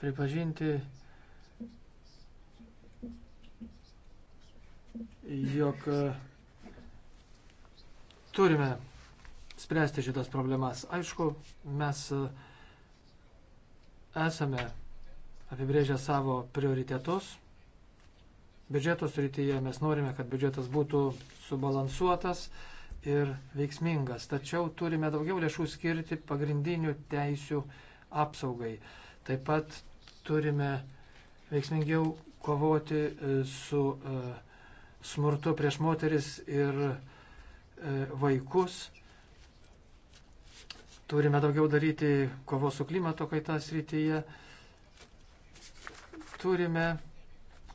pripažinti, jog turime spręsti šitas problemas. Aišku, mes esame apibrėžę savo prioritetus. Biudžeto srityje mes norime, kad biudžetas būtų subalansuotas ir veiksmingas. Tačiau turime daugiau lėšų skirti pagrindinių teisių apsaugai. Taip pat turime veiksmingiau kovoti e, su e, smurtu prieš moteris ir e, vaikus. Turime daugiau daryti kovos su klimato kaita srityje. Turime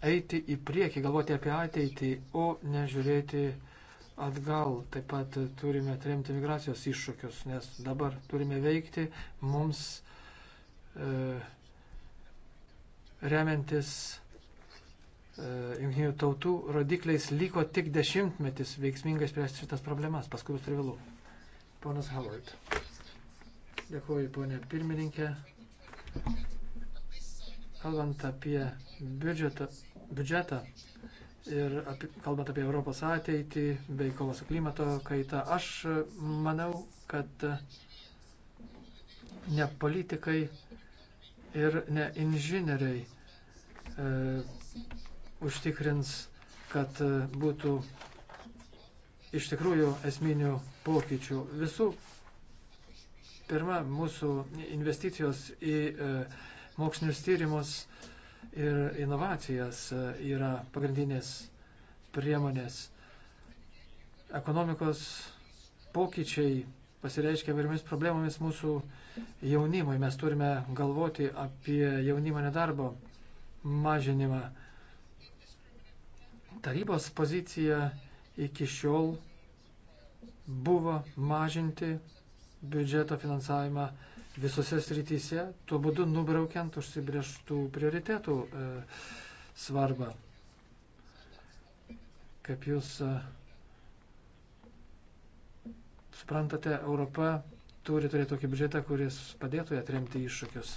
eiti į priekį, galvoti apie ateitį, o nežiūrėti atgal. Taip pat turime atremti migracijos iššūkius, nes dabar turime veikti. Mums e, remiantis e, jungtinių tautų rodikliais liko tik dešimtmetis veiksmingai spręsti šitas problemas, paskui bus privalu. Ponas Howard. Dėkuoju, ponė pirmininkė. Kalbant apie biudžetą, biudžetą ir apie, kalbant apie Europos ateitį bei kovą su klimato kaita, aš manau, kad ne politikai ir ne inžinieriai e, užtikrins, kad e, būtų iš tikrųjų esminių pokyčių. Visų pirma, mūsų investicijos į e, mokslinius tyrimus ir inovacijas e, yra pagrindinės priemonės. Ekonomikos pokyčiai pasireiškia vairiomis problemomis mūsų jaunimui. Mes turime galvoti apie jaunimo nedarbo mažinimą. Tarybos pozicija iki šiol buvo mažinti biudžeto finansavimą visose srityse, tuo būdu nubraukiant užsibrieštų prioritetų e, svarbą. Kaip jūs e, Suprantate, Europa turi turėti tokį biudžetą, kuris padėtų atremti iššūkius.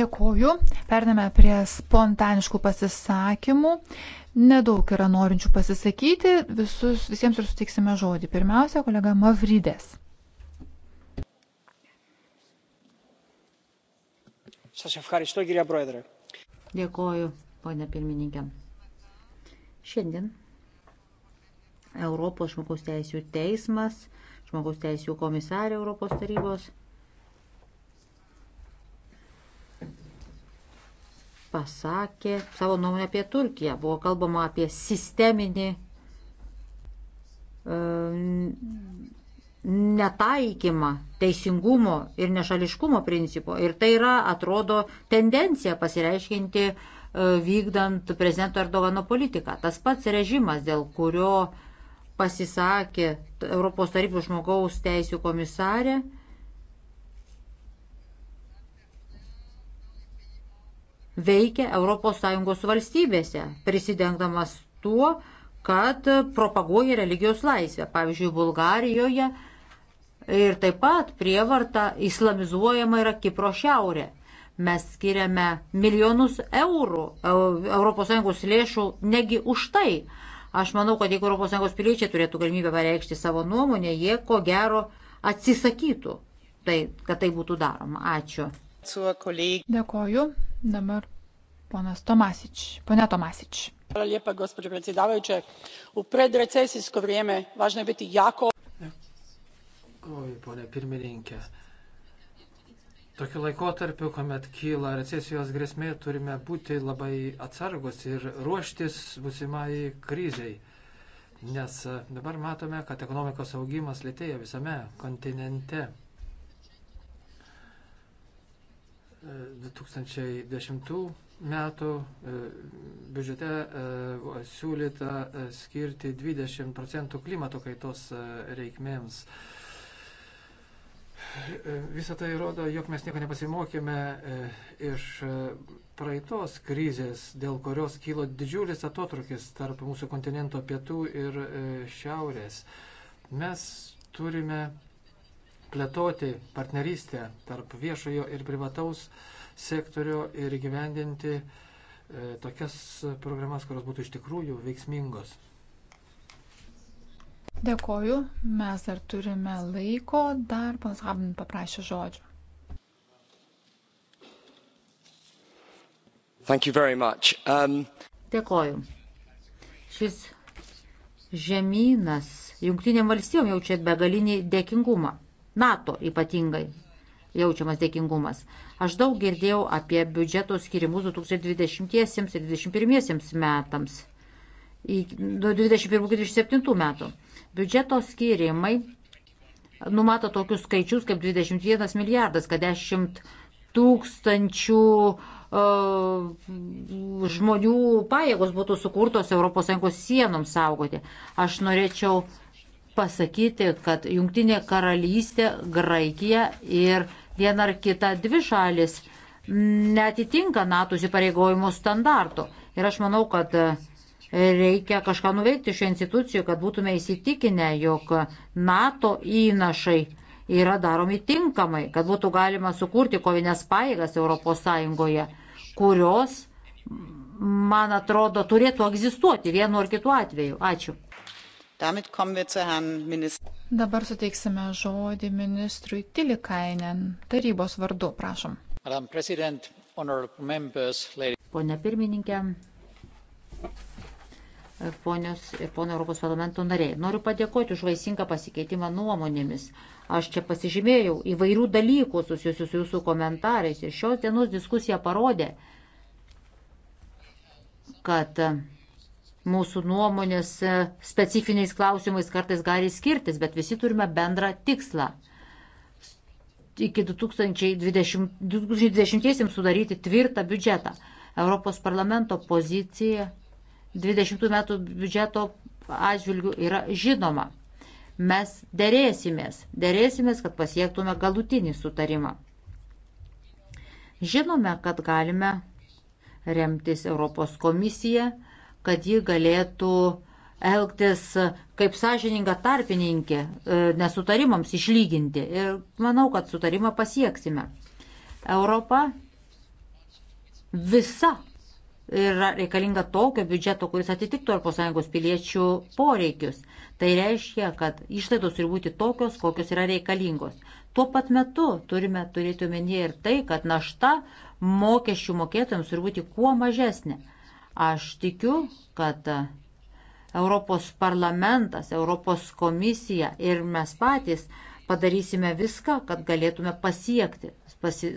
Dėkoju. Pername prie spontaniškų pasisakymų. Nedaug yra norinčių pasisakyti. Visus, visiems ir suteiksime žodį. Pirmiausia, kolega Mavrydės. Dėkoju, ponė pirmininkė. Šiandien Europos žmogaus teisų teismas, žmogaus teisų komisarė Europos tarybos. pasakė savo nuomonę apie Turkiją. Buvo kalbama apie sisteminį e, netaikymą teisingumo ir nešališkumo principo. Ir tai yra, atrodo, tendencija pasireiškinti e, vykdant prezidento Erdogano politiką. Tas pats režimas, dėl kurio pasisakė Europos tarybų žmogaus teisų komisarė. veikia ES valstybėse, prisidengdamas tuo, kad propaguoja religijos laisvę. Pavyzdžiui, Bulgarijoje ir taip pat prievarta islamizuojama yra Kipro šiaurė. Mes skiriame milijonus eurų ES lėšų negi už tai. Aš manau, kad jeigu ES piliečiai turėtų galimybę pareikšti savo nuomonę, jie ko gero atsisakytų, tai, kad tai būtų daroma. Ačiū. Dėkoju. Dabar ponas Tomasič. Pone Tomasič. gospođo predsjedavajuća u predrecesijsko vrijeme važno je biti jako. Oi, pone pirmininke. Tokiu laikotarpiu, kuomet kyla recesijos grėsmė, turime būti labai atsargus ir ruoštis busimai kriziai. Nes e, dabar matome, kad ekonomikos augimas lėtėja visame kontinente. 2010 e, metų e, biudžete siūlyta skirti 20 procentų klimato kaitos reikmėms. Visą tai rodo, jog mes nieko nepasimokėme e, iš e, praeitos krizės, dėl kurios kilo didžiulis atotrukis tarp mūsų kontinento pietų ir e, šiaurės. Mes turime plėtoti partnerystę tarp viešojo ir privataus sektorio ir gyvendinti tokias programas, kurios būtų iš tikrųjų veiksmingos. Dėkoju, mes dar turime laiko, dar panas Habin paprašė žodžio. Um... Dėkoju. Šis žemynas jungtinėm valstijom jaučia begalinį dėkingumą. NATO ypatingai jaučiamas dėkingumas. Aš daug girdėjau apie biudžeto skirimus 2020 ir 2021 metams nuo 21-27 metų. Biudžeto skirimai numato tokius skaičius kaip 21 milijardas, kad 10 tūkstančių uh, žmonių pajėgos būtų sukurtos ES sienoms saugoti. Aš norėčiau pasakyti, kad Junktinė karalystė, Graikija ir viena ar kita dvi šalis netitinka NATO įsipareigojimų standartų. Ir aš manau, kad uh, Reikia kažką nuveikti šio institucijų, kad būtume įsitikinę, jog NATO įnašai yra daromi tinkamai, kad būtų galima sukurti kovinės paėgas ES, kurios, man atrodo, turėtų egzistuoti vienu ar kitu atveju. Ačiū. Dabar suteiksime žodį ministrui Tilikainen. Tarybos vardu, prašom. Pone pirmininkė, ponios ir pono Europos parlamento nariai. Noriu padėkoti už vaisingą pasikeitimą nuomonėmis. Aš čia pasižymėjau įvairių dalykų susijusių su jūsų komentarais ir šios dienos diskusija parodė, kad mūsų nuomonės specifiniais klausimais kartais gali skirtis, bet visi turime bendrą tikslą iki 2020, 2020 sudaryti tvirtą biudžetą. Europos parlamento pozicija 20 metų biudžeto atžvilgių yra žinoma. Mes dėrėsimės, dėrėsimės, kad pasiektume galutinį sutarimą. Žinome, kad galime remtis Europos komisiją, kad ji galėtų elgtis kaip sąžininga tarpininkė e, nesutarimams išlyginti. Ir manau, kad sutarimą pasieksime. Europa visa yra reikalinga tokio biudžeto, kuris atitiktų ES piliečių poreikius. Tai reiškia, kad išlaidos turi būti tokios, kokios yra reikalingos. Tuo pat metu turime turėti omenyje ir tai, kad našta mokesčių mokėtojams turi būti kuo mažesnė. Aš tikiu, kad Europos parlamentas, Europos komisija ir mes patys padarysime viską, kad galėtume pasiekti pasi,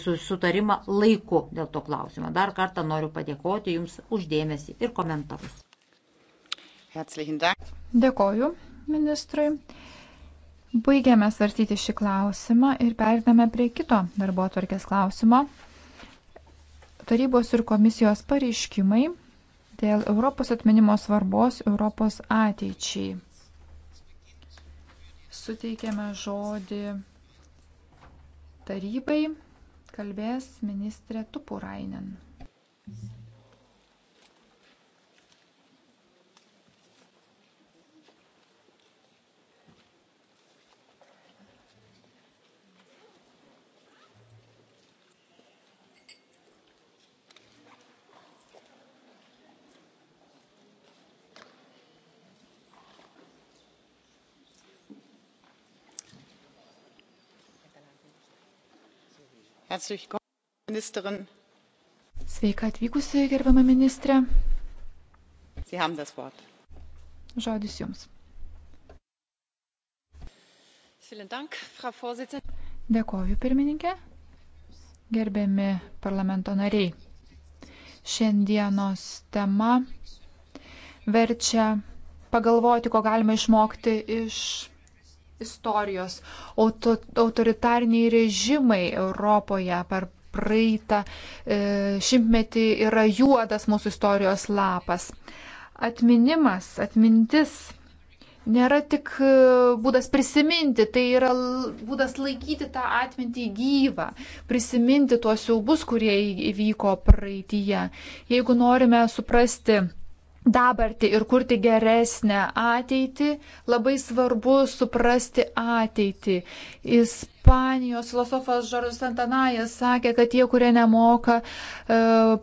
su, sutarimą laiku dėl to klausimo. Dar kartą noriu padėkoti Jums uždėmesi ir komentarus. Dėkoju, ministrui. Baigėme svarstyti šį klausimą ir perdame prie kito darbo atvarkės klausimo. Tarybos ir komisijos pareiškimai dėl Europos atminimo svarbos Europos ateičiai. Suteikėme žodį Tarybai kalbės ministrė Tupurainen. Sveika atvykusi, gerbama ministrė. Žodis Jums. Dėkoju, pirmininkė. Gerbiami parlamento nariai. Šiandienos tema verčia pagalvoti, ko galima išmokti iš istorijos. Auto, autoritariniai režimai Europoje per praeitą e, šimtmetį yra juodas mūsų istorijos lapas. Atminimas, atmintis nėra tik e, būdas prisiminti, tai yra būdas laikyti tą atmintį gyvą, prisiminti tuos siaubus, kurie įvyko praeitįje. Jeigu norime suprasti dabartį ir kurti geresnę ateitį, labai svarbu suprasti ateitį. Ispanijos filosofas Žaras Santanajas sakė, kad tie, kurie nemoka e,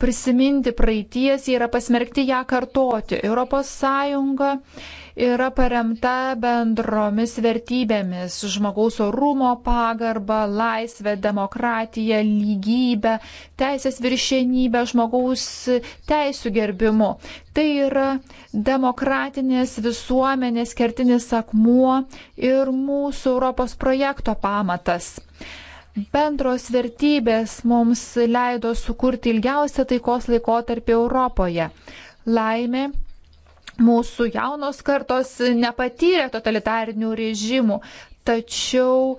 prisiminti praeities, jie yra pasmerkti ją kartoti. Europos Sąjunga yra paremta bendromis vertybėmis - žmogaus orumo pagarba, laisvė, demokratija, lygybė, teisės viršienybė, žmogaus teisų gerbimu. Tai yra demokratinės visuomenės kertinis akmuo ir mūsų Europos projekto pamatas. Bendros vertybės mums leido sukurti ilgiausią taikos laikotarpį Europoje. Laimė mūsų jaunos kartos nepatyrė totalitarinių režimų, tačiau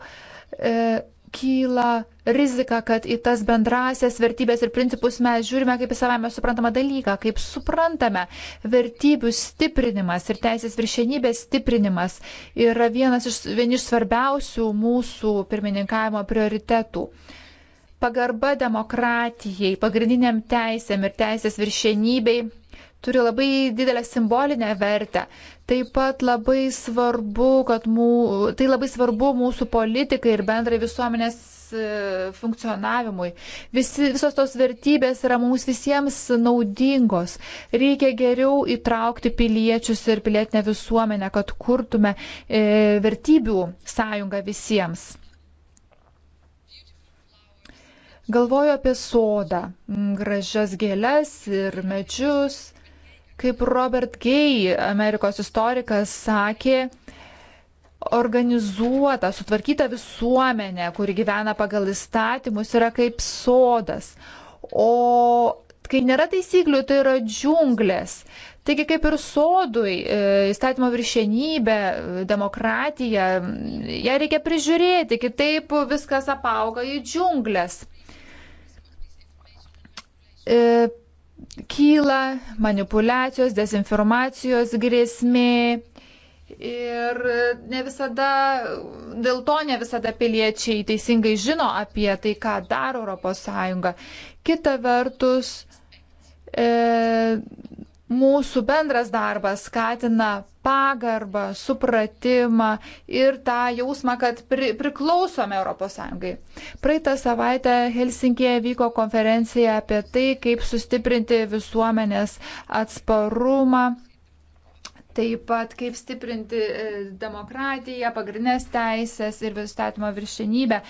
e, kyla rizika, kad į tas bendrasias vertybės ir principus mes žiūrime kaip į savame suprantamą dalyką, kaip suprantame. Vertybių stiprinimas ir teisės viršenybės stiprinimas yra vienas iš, vieni iš svarbiausių mūsų pirmininkavimo prioritetų pagarba demokratijai, pagrindiniam teisėm ir teisės viršenybei turi labai didelę simbolinę vertę. Taip pat labai svarbu, kad mū, tai labai svarbu mūsų politikai ir bendrai visuomenės e, funkcionavimui. Visi, visos tos vertybės yra mums visiems naudingos. Reikia geriau įtraukti piliečius ir pilietinę visuomenę, kad kurtume e, vertybių sąjungą visiems. Galvoju apie sodą, gražias gėles ir medžius. Kaip Robert Gay, Amerikos istorikas, sakė, organizuota, sutvarkyta visuomenė, kuri gyvena pagal įstatymus, yra kaip sodas. O kai nėra taisyklių, tai yra džiunglės. Taigi kaip ir sodui, e, įstatymo viršienybė, demokratija, ją reikia prižiūrėti, kitaip viskas apauga į džiunglės. E, kyla manipulacijos, dezinformacijos grėsmė. Ir ne visada, dėl to ne visada piliečiai teisingai žino apie tai, ką daro ES. Kita vertus, e, mūsų bendras darbas skatina pagarbą, supratimą ir tą jausmą, kad pri, priklausome ES. Praeitą savaitę Helsinkėje vyko konferencija apie tai, kaip sustiprinti visuomenės atsparumą. Taip pat kaip stiprinti e, demokratiją, pagrindinės teisės ir įstatymo viršenybę.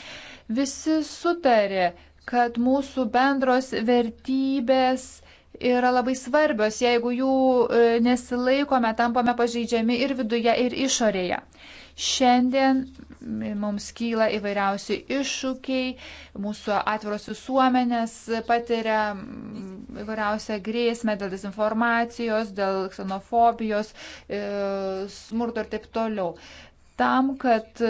Visi sutarė, kad mūsų bendros vertybės yra labai svarbios. Jeigu jų e, nesilaikome, tampame pažeidžiami ir viduje, ir išorėje. Šiandien mums kyla įvairiausi iššūkiai, mūsų atviros visuomenės patiria įvairiausią grėsmę dėl dezinformacijos, dėl ksenofobijos, e, smurto ir taip toliau. Tam, kad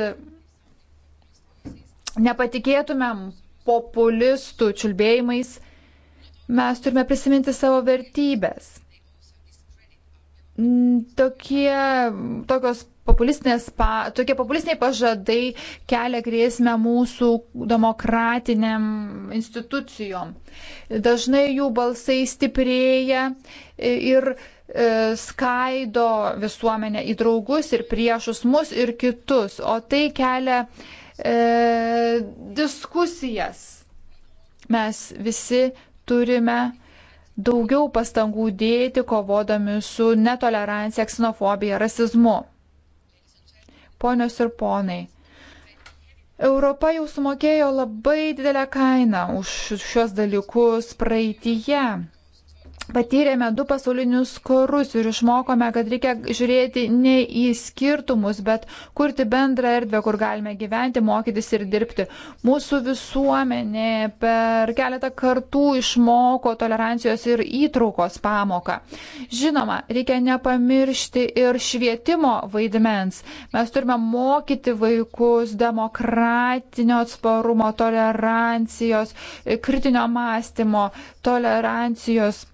nepatikėtumėm populistų čiulbėjimais, Mes turime prisiminti savo vertybės. Mm, tokie, tokios populistinės, pa, tokie populistiniai pažadai kelia grėsmę mūsų demokratiniam institucijom. Dažnai jų balsai stiprėja ir e, skaido visuomenę į draugus ir priešus mus ir kitus, o tai kelia e, diskusijas. Mes visi turime daugiau pastangų dėti kovodami su netolerancija, ksenofobija, rasizmu. Ponios ir ponai, Europa jau sumokėjo labai didelę kainą už šios dalykus praeitįje patyrėme du pasaulinius karus ir išmokome, kad reikia žiūrėti ne į skirtumus, bet kurti bendrą erdvę, kur galime gyventi, mokytis ir dirbti. Mūsų visuomenė per keletą kartų išmoko tolerancijos ir įtraukos pamoką. Žinoma, reikia nepamiršti ir švietimo vaidmens. Mes turime mokyti vaikus demokratinio atsparumo, tolerancijos, kritinio mąstymo, tolerancijos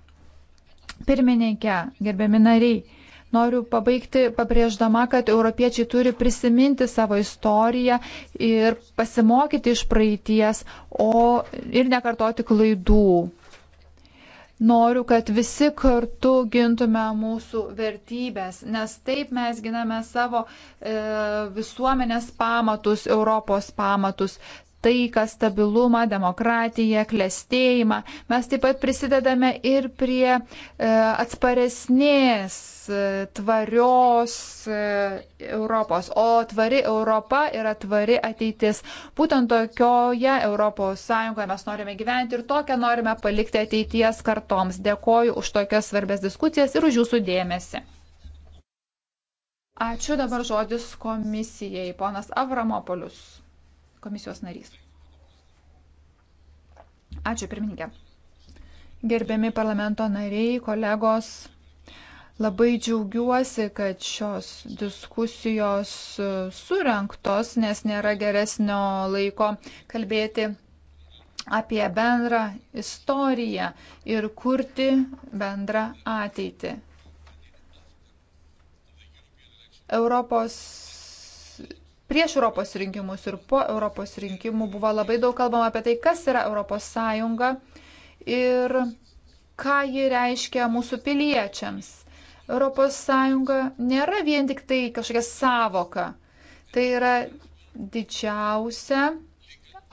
pirmininkė, gerbiami nariai. Noriu pabaigti pabrėždama, kad europiečiai turi prisiminti savo istoriją ir pasimokyti iš praeities, o ir nekartoti klaidų. Noriu, kad visi kartu gintume mūsų vertybės, nes taip mes giname savo e, visuomenės pamatus, Europos pamatus taiką, stabilumą, demokratiją, klestėjimą. Mes taip pat prisidedame ir prie e, atsparesnės, e, tvarios e, Europos. O tvari Europa yra tvari ateitis. Būtent tokioje Europos Sąjungoje mes norime gyventi ir tokią norime palikti ateities kartoms. Dėkoju už tokias svarbės diskusijas ir už jūsų dėmesį. Ačiū dabar žodis komisijai, ponas Avramopolius komisijos narys. Ačiū, pirmininkė. Gerbiami parlamento nariai, kolegos, labai džiaugiuosi, kad šios diskusijos surinktos, nes nėra geresnio laiko kalbėti apie bendrą istoriją ir kurti bendrą ateitį. Europos prieš Europos rinkimus ir po Europos rinkimų buvo labai daug kalbama apie tai, kas yra Europos Sąjunga ir ką ji reiškia mūsų piliečiams. Europos Sąjunga nėra vien tik tai kažkokia savoka. Tai yra didžiausia,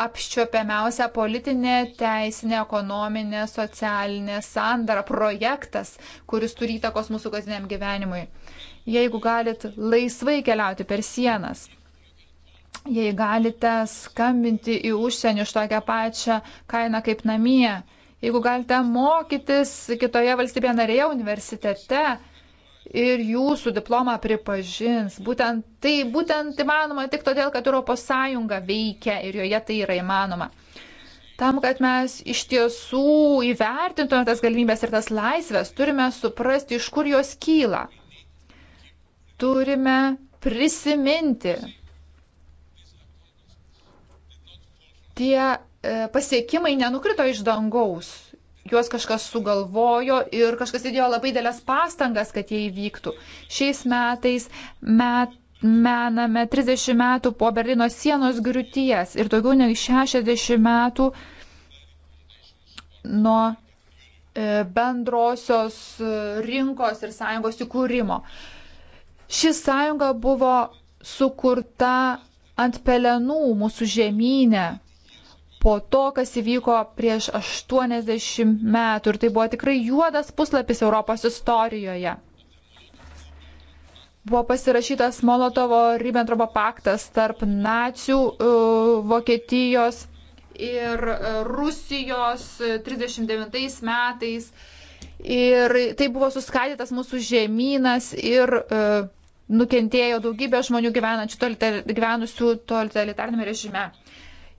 apščiopiamiausia politinė, teisinė, ekonominė, socialinė sandara, projektas, kuris turi įtakos mūsų kasdieniam gyvenimui. Jeigu galit laisvai keliauti per sienas, Jei galite skambinti į užsienį už tokią pačią kainą kaip namie, jeigu galite mokytis kitoje valstybėje narėje universitete ir jūsų diplomą pripažins, būtent tai būtent įmanoma tik todėl, kad ES veikia ir joje tai yra įmanoma. Tam, kad mes iš tiesų įvertintume tas galimybės ir tas laisvės, turime suprasti, iš kur jos kyla. Turime prisiminti, tie e, pasiekimai nenukrito iš dangaus. Juos kažkas sugalvojo ir kažkas įdėjo labai dėlės pastangas, kad jie įvyktų. Šiais metais met, mename 30 metų po Berlyno sienos griūties ir daugiau nei 60 metų nuo e, bendrosios e, rinkos ir sąjungos įkūrimo. Ši sąjunga buvo sukurta ant pelenų mūsų žemynę po to, kas įvyko prieš 80 metų. Ir tai buvo tikrai juodas puslapis Europos istorijoje. Buvo pasirašytas Molotovo-Ribbentropo paktas tarp nacijų e, Vokietijos ir e, Rusijos 39 metais. Ir tai buvo suskaidytas mūsų žemynas ir e, nukentėjo daugybė žmonių gyvenančių toliter, gyvenusių totalitarnėme režime.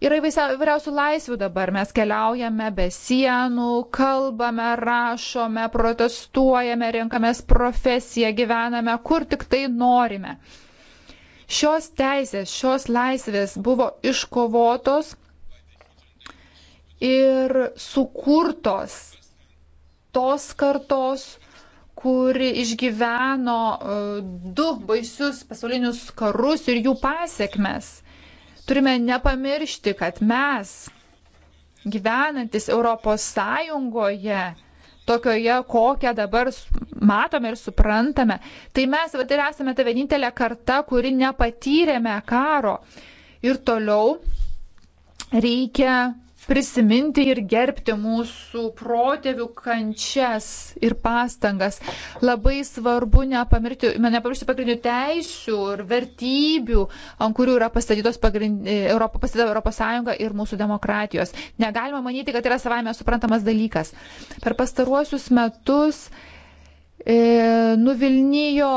Yra įvairiausių laisvių dabar. Mes keliaujame be sienų, kalbame, rašome, protestuojame, renkamės profesiją, gyvename, kur tik tai norime. Šios teisės, šios laisvės buvo iškovotos ir sukurtos tos kartos, kuri išgyveno e, du baisius pasaulinius karus ir jų pasiekmes. Turime nepamiršti, kad mes, gyvenantis Europos Sąjungoje, tokioje, kokią dabar matome ir suprantame, tai mes vat, ir esame ta vienintelė karta, kuri nepatyrėme karo. Ir toliau reikia prisiminti ir gerbti mūsų protėvių kančias ir pastangas. Labai svarbu nepamiršti, nepamiršti pagrindinių teisių ir vertybių, ant kurių yra pastatytos pagrind, e, Europa, pastatyta Europos Sąjunga ir mūsų demokratijos. Negalima manyti, kad tai yra savame suprantamas dalykas. Per pastaruosius metus E, nuvilnijo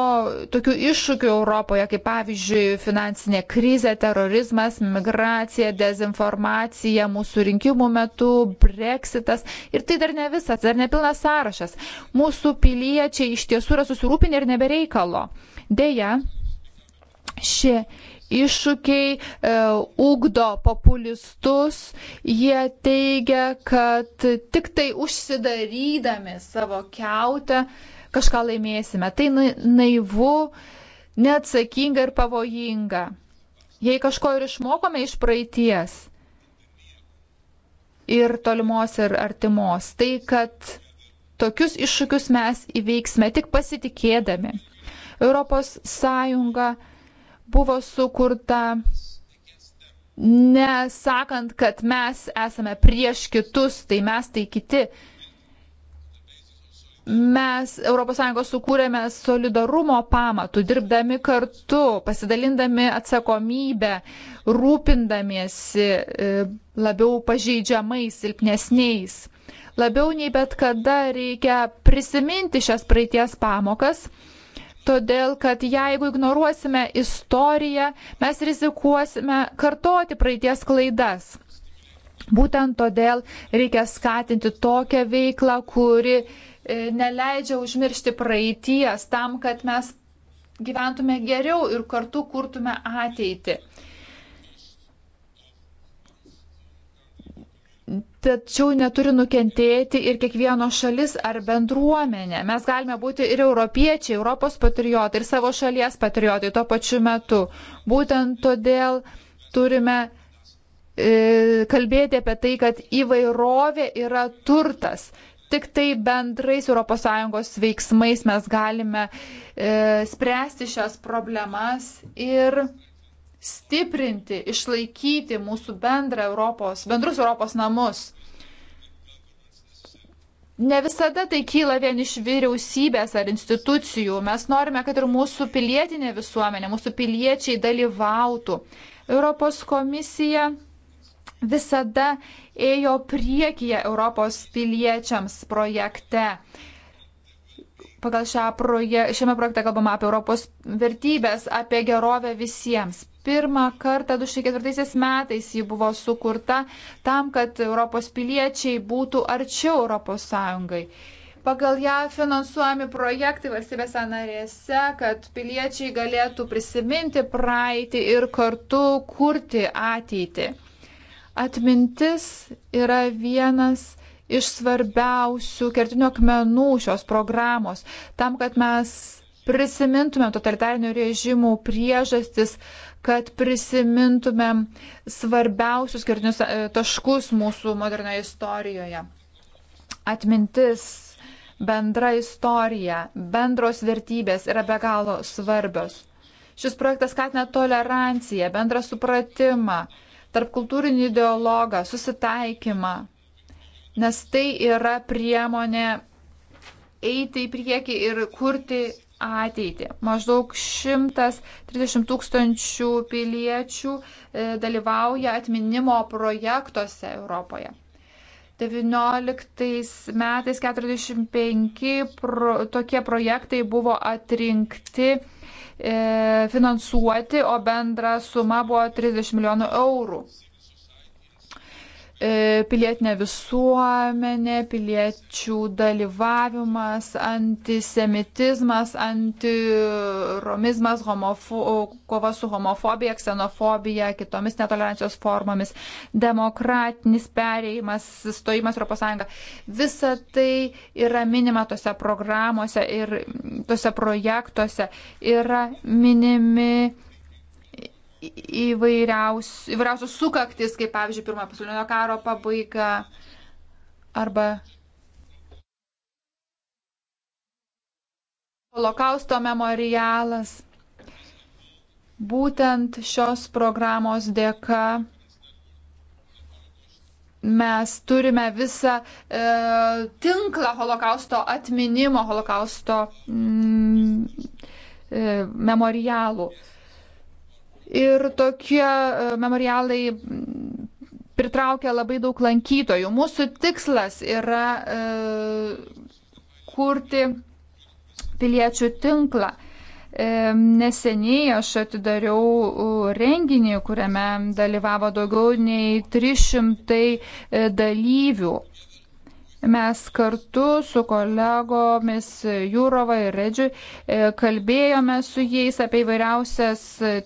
tokių iššūkių Europoje, kaip pavyzdžiui finansinė krizė, terorizmas, migracija, dezinformacija mūsų rinkimų metu, breksitas. Ir tai dar ne visas, dar ne pilnas sąrašas. Mūsų piliečiai iš tiesų yra susirūpinę ir nebereikalo. Deja, šie iššūkiai e, ugdo populistus, jie teigia, kad tik tai užsidarydami savo keutę, e, kažką laimėsime. Tai naivu, neatsakinga ir pavojinga. Jei kažko ir išmokome iš praeities ir tolimos ir artimos, tai kad tokius iššūkius mes įveiksime tik pasitikėdami. Europos Sąjunga buvo sukurta nesakant, kad mes esame prieš kitus, tai mes tai kiti mes ES sukūrėme solidarumo pamatų, dirbdami kartu, pasidalindami atsakomybę, rūpindamiesi e, labiau pažeidžiamais, silpnesniais. Labiau nei bet kada reikia prisiminti šias praeities pamokas, todėl kad jeigu ignoruosime istoriją, mes rizikuosime kartoti praeities klaidas. Būtent todėl reikia skatinti tokią veiklą, kuri E, neleidžia užmiršti praeities tam, kad mes gyventume geriau ir kartu kurtume ateitį. Tačiau neturi nukentėti ir kiekvieno šalis ar bendruomenė. Mes galime būti ir europiečiai, Europos patriotai, ir savo šalies patriotai tuo pačiu metu. Būtent todėl turime e, kalbėti apie tai, kad įvairovė yra turtas. Tik tai bendrais ES veiksmais mes galime e, spręsti šias problemas ir stiprinti, išlaikyti mūsų bendrą Europos, bendrus Europos namus. Ne visada tai kyla vien iš vyriausybės ar institucijų. Mes norime, kad ir mūsų pilietinė visuomenė, mūsų piliečiai dalyvautų. Europos komisija visada ėjo priekyje Europos piliečiams projekte. Pagal proje, šiame projekte kalbama apie Europos vertybės, apie gerovę visiems. Pirmą kartą 2004 metais ji buvo sukurta tam, kad Europos piliečiai būtų arčiau Europos Sąjungai. Pagal ją finansuojami projektai valstybėse narėse, kad piliečiai galėtų prisiminti praeitį ir kartu kurti ateitį. Atmintis yra vienas iš svarbiausių kertinių akmenų šios programos, tam, kad mes prisimintumėm totalitarinių režimų priežastis, kad prisimintumėm svarbiausius kertinius e, taškus mūsų modernioje istorijoje. Atmintis, bendra istorija, bendros vertybės yra be galo svarbios. Šis projektas skatina toleranciją, bendrą supratimą, tarp kultūrinį dialogą, susitaikymą, nes tai yra priemonė eiti į priekį ir kurti ateitį. Maždaug 130 tūkstančių piliečių e, dalyvauja atminimo projektuose Europoje. 19 metais 45 pro, tokie projektai buvo atrinkti finansuoti, o bendra suma buvo 30 milijonų eurų. E, pilietinė visuomenė, piliečių dalyvavimas, antisemitizmas, antiromizmas, kova su homofobija, ksenofobija, kitomis netolerancijos formomis, demokratinis perėjimas, stojimas Europos Sąjunga. Visa tai yra minima tose programuose ir tose projektuose. Yra minimi įvairiaus, įvairiausios sukaktis, kaip pavyzdžiui, pirmojo pasaulinio karo pabaiga arba holokausto memorialas. Būtent šios programos dėka mes turime visą e, tinklą holokausto atminimo, holokausto mm, e, memorialų. E, ir tokie e, memorialai pritraukia labai daug lankytojų. Mūsų tikslas yra e, kurti piliečių tinklą. E, neseniai aš atidariau renginį, kuriame dalyvavo daugiau nei 300 e, dalyvių. Mes kartu su kolegomis Jūrova ir Redžiu e, kalbėjome su jais apie įvairiausias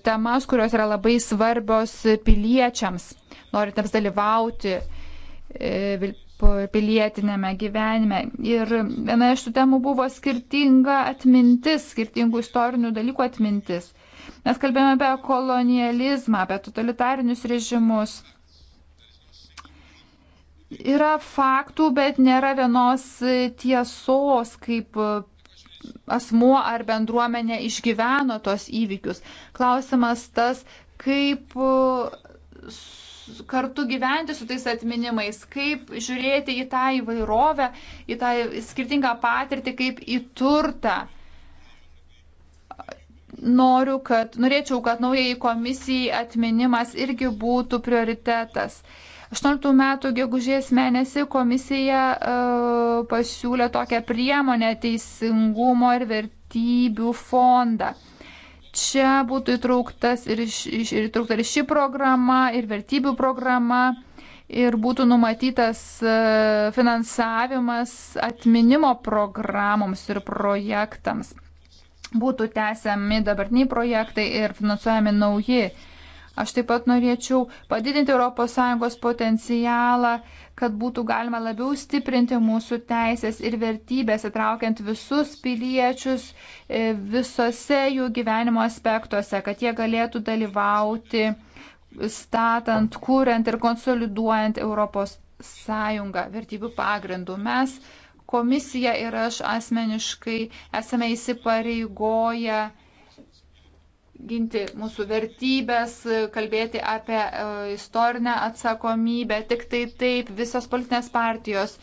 temas, kurios yra labai svarbios piliečiams, norintiems dalyvauti e, pilietinėme gyvenime. Ir viena iš tų temų buvo skirtinga atmintis, skirtingų istorinių dalykų atmintis. Mes kalbėjome apie kolonializmą, apie totalitarinius režimus, Yra faktų, bet nėra vienos tiesos, kaip asmuo ar bendruomenė išgyveno tos įvykius. Klausimas tas, kaip kartu gyventi su tais atminimais, kaip žiūrėti į tą įvairovę, į tą skirtingą patirtį, kaip į turtą. Noriu, kad, norėčiau, kad naujai komisijai atminimas irgi būtų prioritetas. Uh, 18 metų gegužės mėnesį komisija e, pasiūlė tokią priemonę teisingumo ir vertybių fondą. Čia būtų įtrauktas ir, ir, ir, ir ši programa, ir vertybių programa ir būtų numatytas e, finansavimas atminimo programoms ir projektams. Būtų tęsiami dabartiniai projektai ir finansuojami nauji. Aš taip pat norėčiau padidinti ES potencialą, kad būtų galima labiau stiprinti mūsų teisės ir vertybės, įtraukiant visus piliečius e, visose jų gyvenimo aspektuose, kad jie galėtų dalyvauti statant, kuriant ir konsoliduojant ES vertybių pagrindų. Mes, komisija ir aš asmeniškai, esame įsipareigoję ginti mūsų vertybės, kalbėti apie e, istorinę atsakomybę. Tik tai taip visos politinės partijos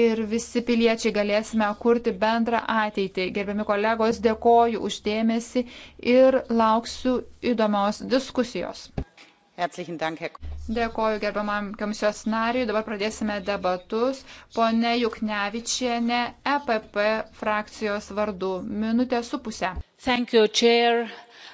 ir visi piliečiai galėsime kurti bendrą ateitį. Gerbiami kolegos, dėkoju uždėmesi ir lauksiu įdomios diskusijos. Dėkoju gerbiamam komisijos nariui. Dabar pradėsime debatus. Pone Juknevičiene, EPP frakcijos vardu. Minutė su pusė. Thank you, chair.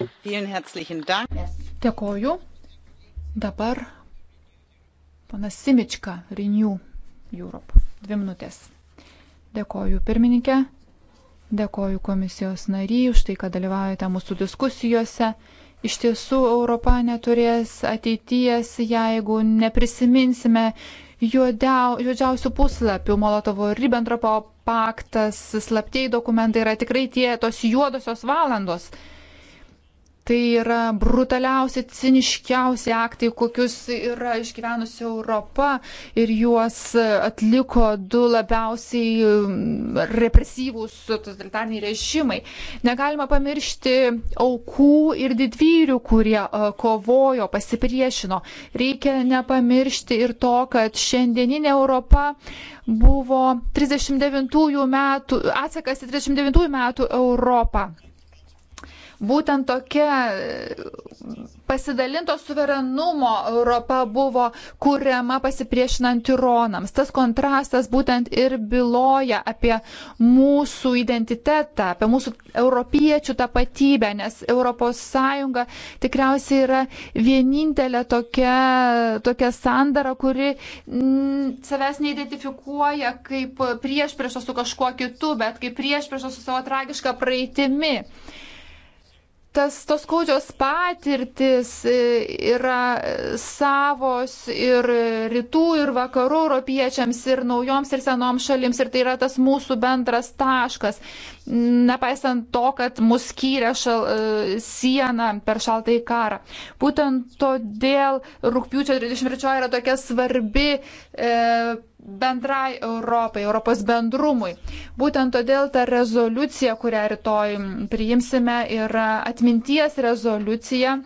Dėkoju. Dabar panas Simička, Renew Europe. Dvi minutės. Dėkoju pirmininkė, dėkoju komisijos nary už tai, kad dalyvaujate mūsų diskusijose. Iš tiesų, Europa neturės ateities, jeigu neprisiminsime juodžiausių puslapių Molotovo ir Ribbentropo paktas, slaptieji dokumentai yra tikrai tie tos juodosios valandos. Tai yra brutaliausi, ciniškiausi aktai, kokius yra išgyvenusi Europa ir juos atliko du labiausiai represyvūs totalitariniai režimai. Negalima pamiršti aukų ir didvyrių, kurie kovojo, pasipriešino. Reikia nepamiršti ir to, kad šiandieninė Europa buvo 39 metų, atsakas į 39 metų Europą Būtent tokia e, pasidalinto suverenumo Europa buvo kuriama pasipriešinant tironams. Tas kontrastas būtent ir byloja apie mūsų identitetą, apie mūsų europiečių tapatybę, nes ES tikriausiai yra vienintelė tokia, tokia sandara, kuri m, mm, savęs neidentifikuoja kaip prieš priešą su kažkuo kitu, bet kaip prieš priešą su savo tragiška praeitimi tas tos skaudžios patirtis e, yra savos ir rytų, ir vakarų europiečiams, ir naujoms, ir senoms šalims, ir tai yra tas mūsų bendras taškas. Nepaisant to, kad mus skyrė šal, e, sieną per šaltąjį karą. Būtent todėl rūpiučio 23 yra tokia svarbi e, bendrai Europai, Europos bendrumui. Būtent todėl ta rezoliucija, kurią rytoj priimsime, yra atminties rezoliucija.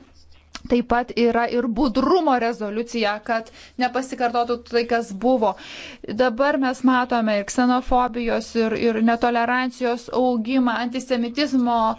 Taip pat yra ir budrumo rezoliucija, kad nepasikartotų tai, kas buvo. Dabar mes matome ir ksenofobijos, ir, ir netolerancijos augimą, antisemitizmo uh,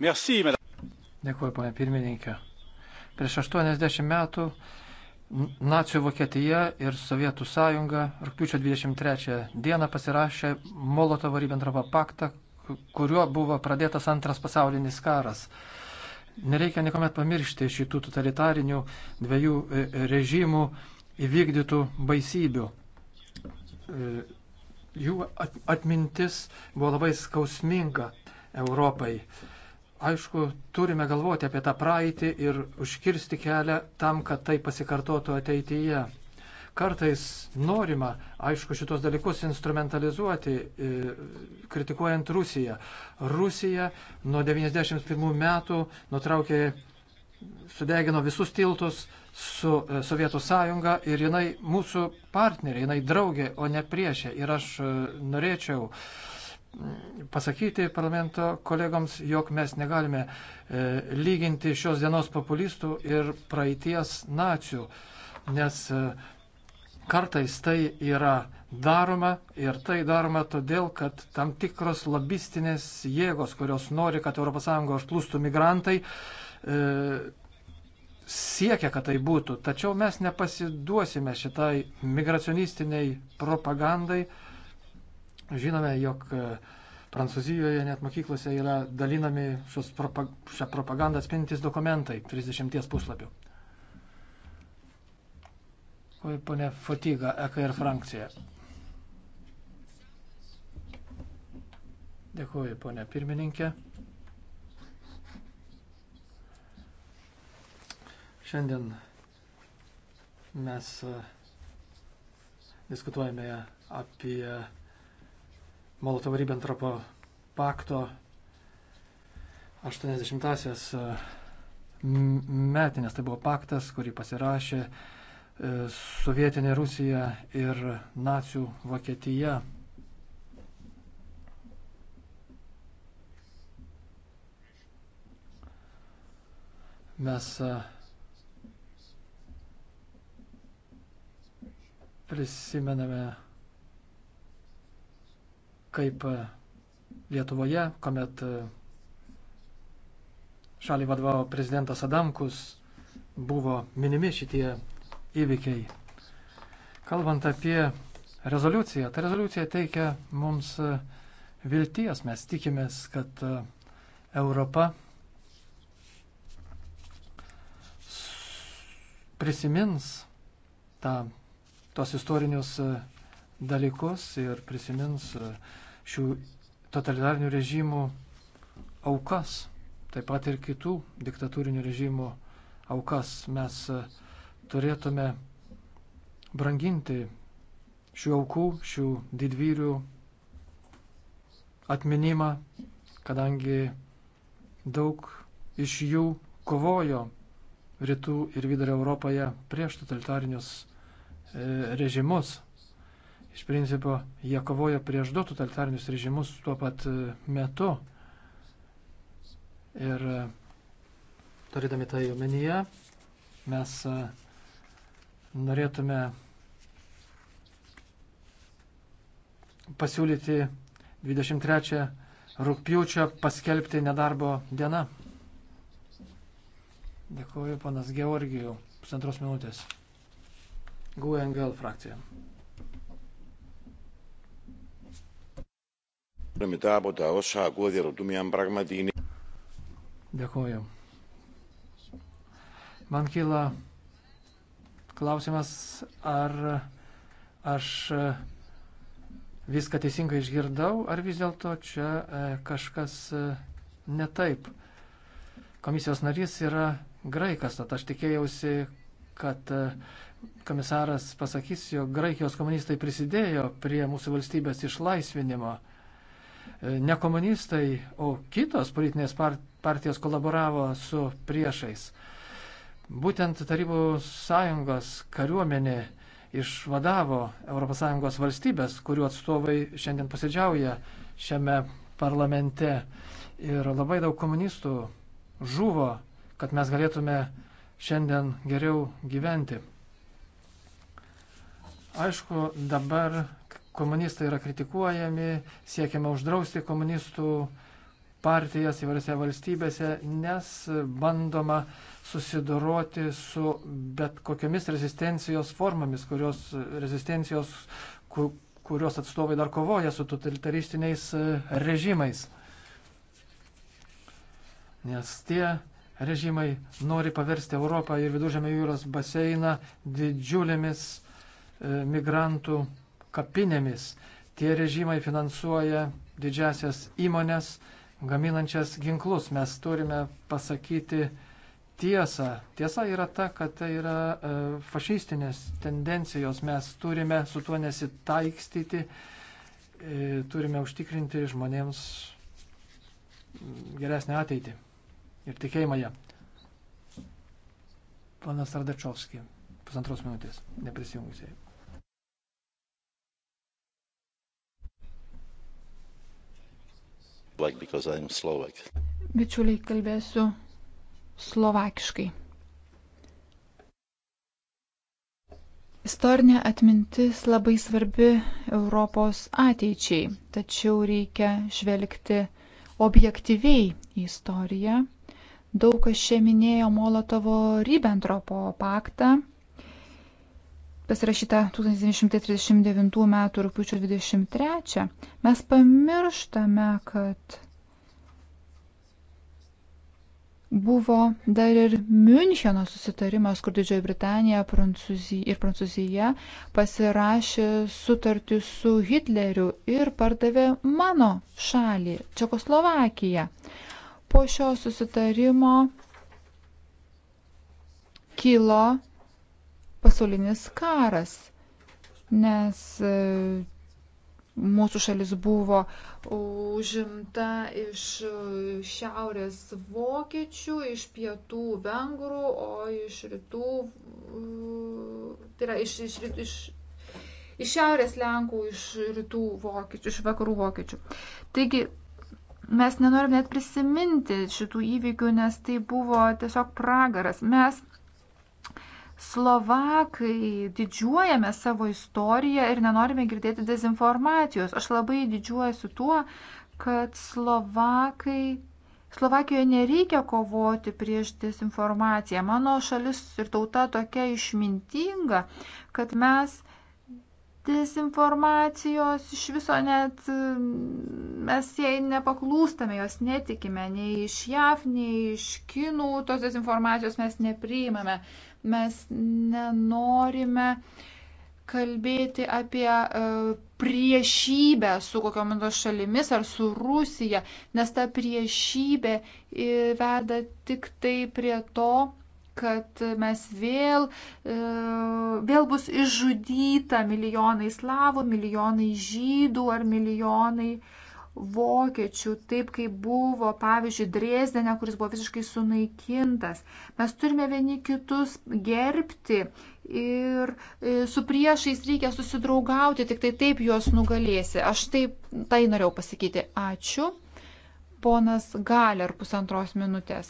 Merci, madame. Dėkuoju, ponia pirmininkė. Prieš 80 metų Nacijų Vokietija ir Sovietų sąjunga rūpiučio 23 dieną pasirašė Molotovo-Ribbentropo paktą, kuriuo buvo pradėtas antras pasaulinis karas. Nereikia niekuomet pamiršti šitų totalitarinių dviejų e, e, režimų įvykdytų baisybių. E, jų atmintis buvo labai skausminga Europai. Aišku, turime galvoti apie tą praeitį ir užkirsti kelią tam, kad tai pasikartotų ateityje. Kartais norima, aišku, šitos dalykus instrumentalizuoti, e, kritikuojant Rusiją. Rusija nuo 1991 metų nutraukė, sudegino visus tiltus su e, Sovietų sąjunga ir jinai mūsų partnerė, jinai draugė, o ne priešė. Ir aš e, norėčiau uh, pasakyti parlamento kolegoms, jog mes negalime e, lyginti šios dienos populistų ir praeities nacijų, nes e, kartais tai yra daroma ir tai daroma todėl, kad tam tikros lobistinės jėgos, kurios nori, kad ES užplūstų migrantai, e, siekia, kad tai būtų. Tačiau mes nepasiduosime šitai migracionistiniai propagandai Žinome, jog e, Prancūzijoje net mokyklose yra dalinami propa šią propagandą spintis dokumentai 30 puslapių. Oi, ponė Fatiga, EKR frakcija. Dėkuoju, ponė pirmininkė. Šiandien mes e, diskutuojame apie Molotovo-Ribbentropo pakto 80-asias e, metinės. Tai buvo paktas, kurį pasirašė e, sovietinė Rusija ir nacijų Vokietija. Mes e, prisimename kaip e, Lietuvoje, kuomet e, šaliai vadovavo prezidentas Adamkus, buvo minimi šitie įvykiai. Kalbant apie rezoliuciją, ta rezoliucija teikia mums e, vilties, mes tikimės, kad Europa prisimins tą, tos istorinius dalykus ir prisimins uh, šių totalitarinių režimų aukas, taip pat ir kitų diktatūrinių režimų aukas. Mes e, turėtume branginti šių aukų, šių didvyrių atminimą, kadangi daug iš jų kovojo rytų ir vidurio Europoje prieš totalitarinius e, režimus. Iš principo, jie kovojo prieš du totalitarinius režimus tuo pat e, metu. Ir e, turėdami tai omenyje, mes e, norėtume pasiūlyti 23 rūpjūčio paskelbti nedarbo dieną. Dėkuoju, panas Georgijų, pusantros minutės. GUNGL frakcija. Μετά από τα όσα ακούω διαρωτούμε αν πράγματι είναι... Dėkuoju. Man kyla klausimas, ar aš e, viską teisingai išgirdau, ar vis dėlto čia e, kažkas e, netaip. Komisijos narys yra graikas, tad aš tikėjausi, kad komisaras pasakys, jog Graikijos komunistai prisidėjo prie mūsų valstybės išlaisvinimo ne komunistai, o kitos politinės partijos kolaboravo su priešais. Būtent Tarybų sąjungos kariuomenė išvadavo ES valstybės, kurių atstovai šiandien posėdžiauja šiame parlamente. Ir labai daug komunistų žuvo, kad mes galėtume šiandien geriau gyventi. Aišku, dabar komunistai yra kritikuojami, siekiama uždrausti komunistų partijas įvairiose valstybėse, nes bandoma susidoroti su bet kokiamis rezistencijos formomis, kurios, rezistencijos, ku, kurios atstovai dar kovoja su totalitaristiniais e, režimais. Nes tie režimai nori paversti Europą ir Vidužėmio jūros baseiną didžiulėmis e, migrantų kapinėmis. Tie režimai finansuoja didžiasias įmonės, gaminančias ginklus. Mes turime pasakyti tiesą. Tiesa yra ta, kad tai yra e, fašistinės tendencijos. Mes turime su tuo nesitaikstyti, e, turime užtikrinti žmonėms mm, geresnę ateitį ir tikėjimą ją. Panas Radačiovski, pusantros minutės, neprisijungusiai. Like because I'm Slovak. Bičiuliai, kalbėsiu slovakiškai. Istorinė atmintis labai svarbi Europos ateičiai, tačiau reikia žvelgti objektyviai į istoriją. Daug kas čia minėjo Molotovo Ribbentropo paktą, pasirašyta 1939 m. rūpiučio 23, mes pamirštame, kad buvo dar ir Müncheno susitarimas, kur Didžioji Britanija Prancūzija, ir Prancūzija pasirašė sutartį su Hitleriu ir pardavė mano šalį, Čekoslovakiją. Po šio susitarimo kilo pasaulinis karas, nes e, mūsų šalis buvo užimta iš e, šiaurės vokiečių, iš pietų vengrų, o iš rytų, e, tai yra iš, iš, iš, iš šiaurės lenkų, iš rytų vokiečių, iš vakarų vokiečių. Taigi, Mes nenorime net prisiminti šitų įvykių, nes tai buvo tiesiog pragaras. Mes Slovakai didžiuojame savo istoriją ir nenorime girdėti dezinformacijos. Aš labai didžiuojuosi tuo, kad Slovakai. Slovakijoje nereikia kovoti prieš dezinformaciją. Mano šalis ir tauta tokia išmintinga, kad mes dezinformacijos iš viso net mes jai nepaklūstame, jos netikime, nei iš JAV, nei iš Kinų tos dezinformacijos mes nepriimame. Mes nenorime kalbėti apie e, priešybę su kokiam nors šalimis ar su Rusija, nes ta priešybė e, veda tik tai prie to, kad mes vėl, e, vėl bus išžudyta milijonai slavų, milijonai žydų ar milijonai uh, vokiečių, taip kaip buvo, pavyzdžiui, Dresdenė, kuris buvo visiškai sunaikintas. Mes turime vieni kitus gerbti ir e, su priešais reikia susidraugauti, tik tai taip juos nugalėsi. Aš taip, tai norėjau pasakyti. Ačiū. Ponas Galer pusantros minutės.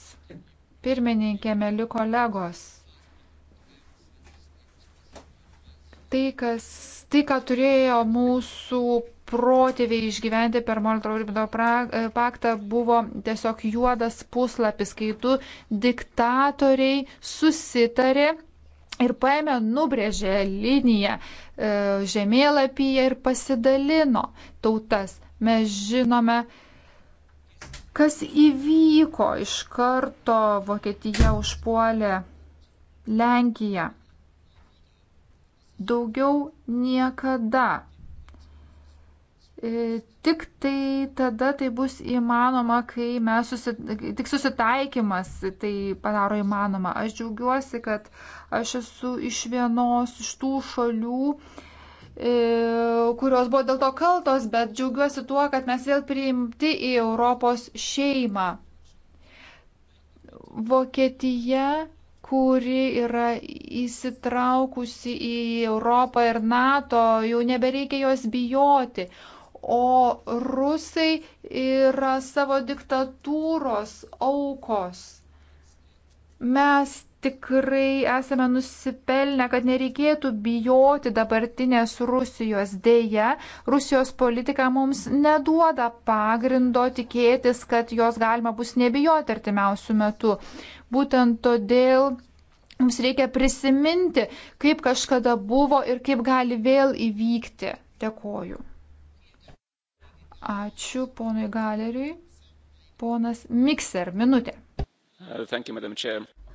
Pirmininkė, mėly kolegos. Tai, kas, tai, ką turėjo mūsų protėviai išgyventi per Molotovo-Ribentropo e, paktą buvo tiesiog juodas puslapis, kai du diktatoriai susitarė ir paėmė, nubrėžė liniją e, žemėlapyje ir pasidalino tautas. Mes žinome, kas įvyko iš karto Vokietija užpuolė Lenkiją. Daugiau niekada E, tik tai tada tai bus įmanoma, kai mes susit... tik susitaikymas tai padaro įmanoma. Aš džiaugiuosi, kad aš esu iš vienos iš tų šalių, e, kurios buvo dėl to kaltos, bet džiaugiuosi tuo, kad mes vėl priimti į Europos šeimą. Vokietija kuri yra įsitraukusi į Europą ir NATO, jau nebereikia jos bijoti o rusai yra savo diktatūros aukos. Mes tikrai esame nusipelnę, kad nereikėtų bijoti dabartinės Rusijos dėje. Rusijos politika mums neduoda pagrindo tikėtis, kad jos galima bus nebijoti artimiausių metų. Būtent todėl mums reikia prisiminti, kaip kažkada buvo ir kaip gali vėl įvykti. Dėkoju. Ačiū ponui galeriui. Ponas Mikser, minutė. Uh,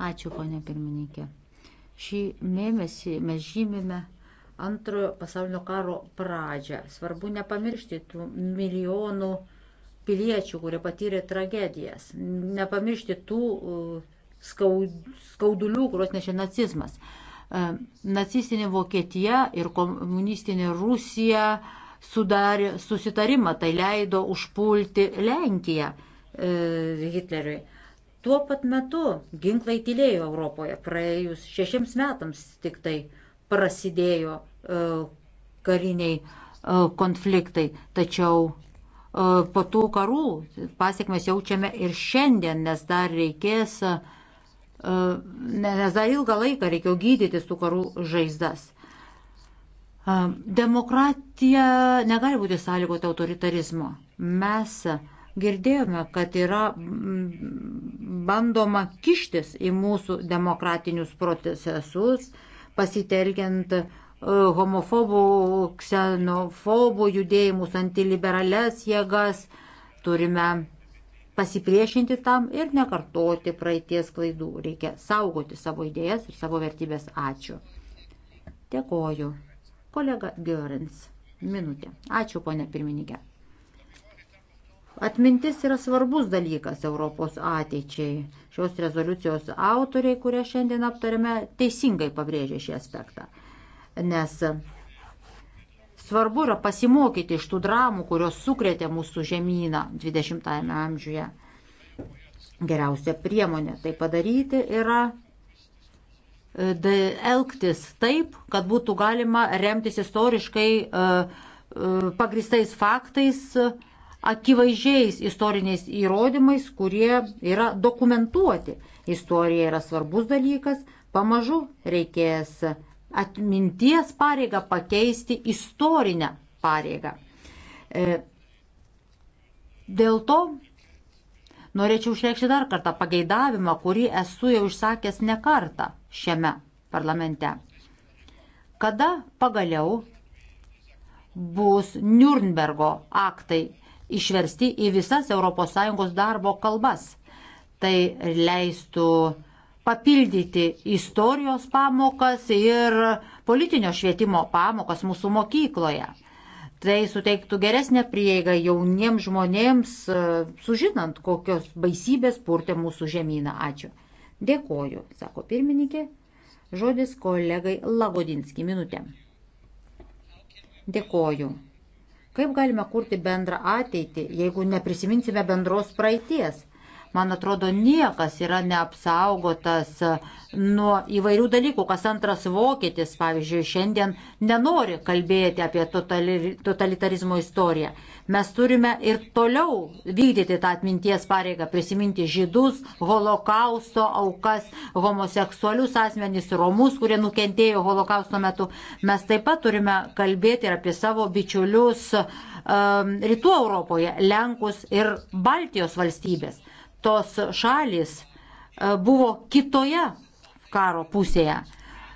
Ačiū, ponė pirmininkė. Šį mėnesį mes žymime antrojo pasaulinio karo pradžią. Svarbu nepamiršti tų milijonų piliečių, kurie patyrė tragedijas. Nepamiršti tų uh, skaudulių, kuriuos nešė nacizmas. Uh, nacistinė Vokietija ir komunistinė Rusija sudarė susitarimą, tai leido užpulti Lenkiją e, Hitleriui. Tuo pat metu ginklai tylėjo Europoje, praėjus šešiems metams tik tai prasidėjo e, kariniai e, konfliktai, tačiau e, po tų karų pasiekmes jaučiame ir šiandien, nes dar reikės, e, nes dar ilgą laiką reikėjo gydytis tų karų žaizdas. Demokratija negali būti sąlygota autoritarizmo. Mes girdėjome, kad yra bandoma kištis į mūsų demokratinius procesus, pasitelkiant e, homofobų, ksenofobų judėjimus, antiliberales jėgas. Turime pasipriešinti tam ir nekartoti praeities klaidų. Reikia saugoti savo idėjas ir savo vertybės. Ačiū. Dėkoju. Kolega Görins, minutė. Ačiū, ponė pirmininkė. Atmintis yra svarbus dalykas Europos ateičiai. Šios rezoliucijos autoriai, kurią šiandien aptarėme, teisingai pabrėžė šį aspektą. Nes svarbu yra pasimokyti iš tų dramų, kurios sukrėtė mūsų žemyną 20-ame amžiuje. Geriausia priemonė tai padaryti yra E, elgtis taip, kad būtų galima remtis istoriškai e, e, pagristais faktais, akivaizdžiais istoriniais įrodymais, kurie yra dokumentuoti. Istorija yra svarbus dalykas, pamažu reikės atminties pareigą pakeisti istorinę pareigą. Dėl to Norėčiau išreikšti dar kartą pageidavimą, kurį esu jau išsakęs ne kartą šiame parlamente. Kada pagaliau bus Nürnbergo aktai išversti į visas ES darbo kalbas. Tai leistų papildyti istorijos pamokas ir politinio švietimo pamokas mūsų mokykloje. Tai suteiktų geresnę prieigą jauniems žmonėms, e, sužinant, kokios baisybės purtė mūsų žemyną. Ačiū. Dėkoju, sako pirmininkė. Žodis kolegai Lagodinski minutė. Dėkoju. Kaip galime kurti bendrą ateitį, jeigu neprisiminsime bendros praeities? Man atrodo, niekas yra neapsaugotas e, nuo įvairių dalykų. Kas antras vokietis, pavyzdžiui, šiandien nenori kalbėti apie totalitarizmo istoriją. Mes turime ir toliau vykdyti tą atminties pareigą, prisiminti žydus, holokausto aukas, homoseksualius asmenys, romus, kurie nukentėjo holokausto metu. Mes taip pat turime kalbėti ir apie savo bičiulius um, Rytų Europoje, Lenkus ir Baltijos valstybės tos šalis e, buvo kitoje karo pusėje.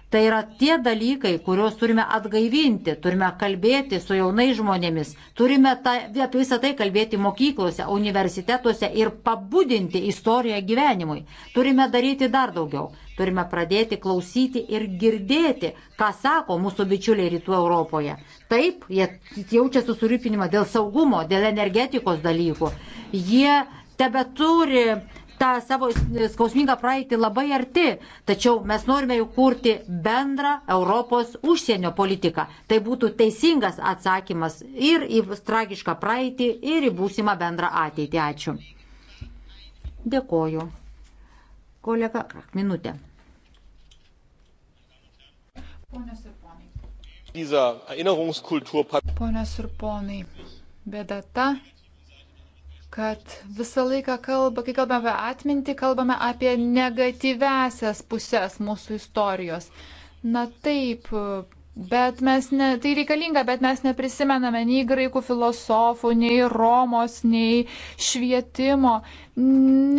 Tai yra tie dalykai, kuriuos turime atgaivinti, turime kalbėti su jaunais žmonėmis, turime ta, apie visą tai kalbėti mokyklose, universitetuose ir pabudinti istoriją gyvenimui. Turime daryti dar daugiau. Turime pradėti klausyti ir girdėti, ką sako mūsų bičiuliai rytų Europoje. Taip, jie jaučia susirūpinimą dėl saugumo, dėl energetikos dalykų. Jie tebe turi tą savo skausmingą praeitį labai arti, tačiau mes norime jau kurti bendrą Europos užsienio politiką. Tai būtų teisingas atsakymas ir į tragišką praeitį, ir į būsimą bendrą ateitį. Ačiū. Dėkoju. Kolega, minutė. Ponios ir ponai. Ponios ir ponai, bėda ta, kad visą laiką kalba, kai kalbame apie atmintį, kalbame apie negatyvesias pusės mūsų istorijos. Na taip, bet mes ne, tai reikalinga, bet mes neprisimename nei graikų filosofų, nei Romos, nei švietimo.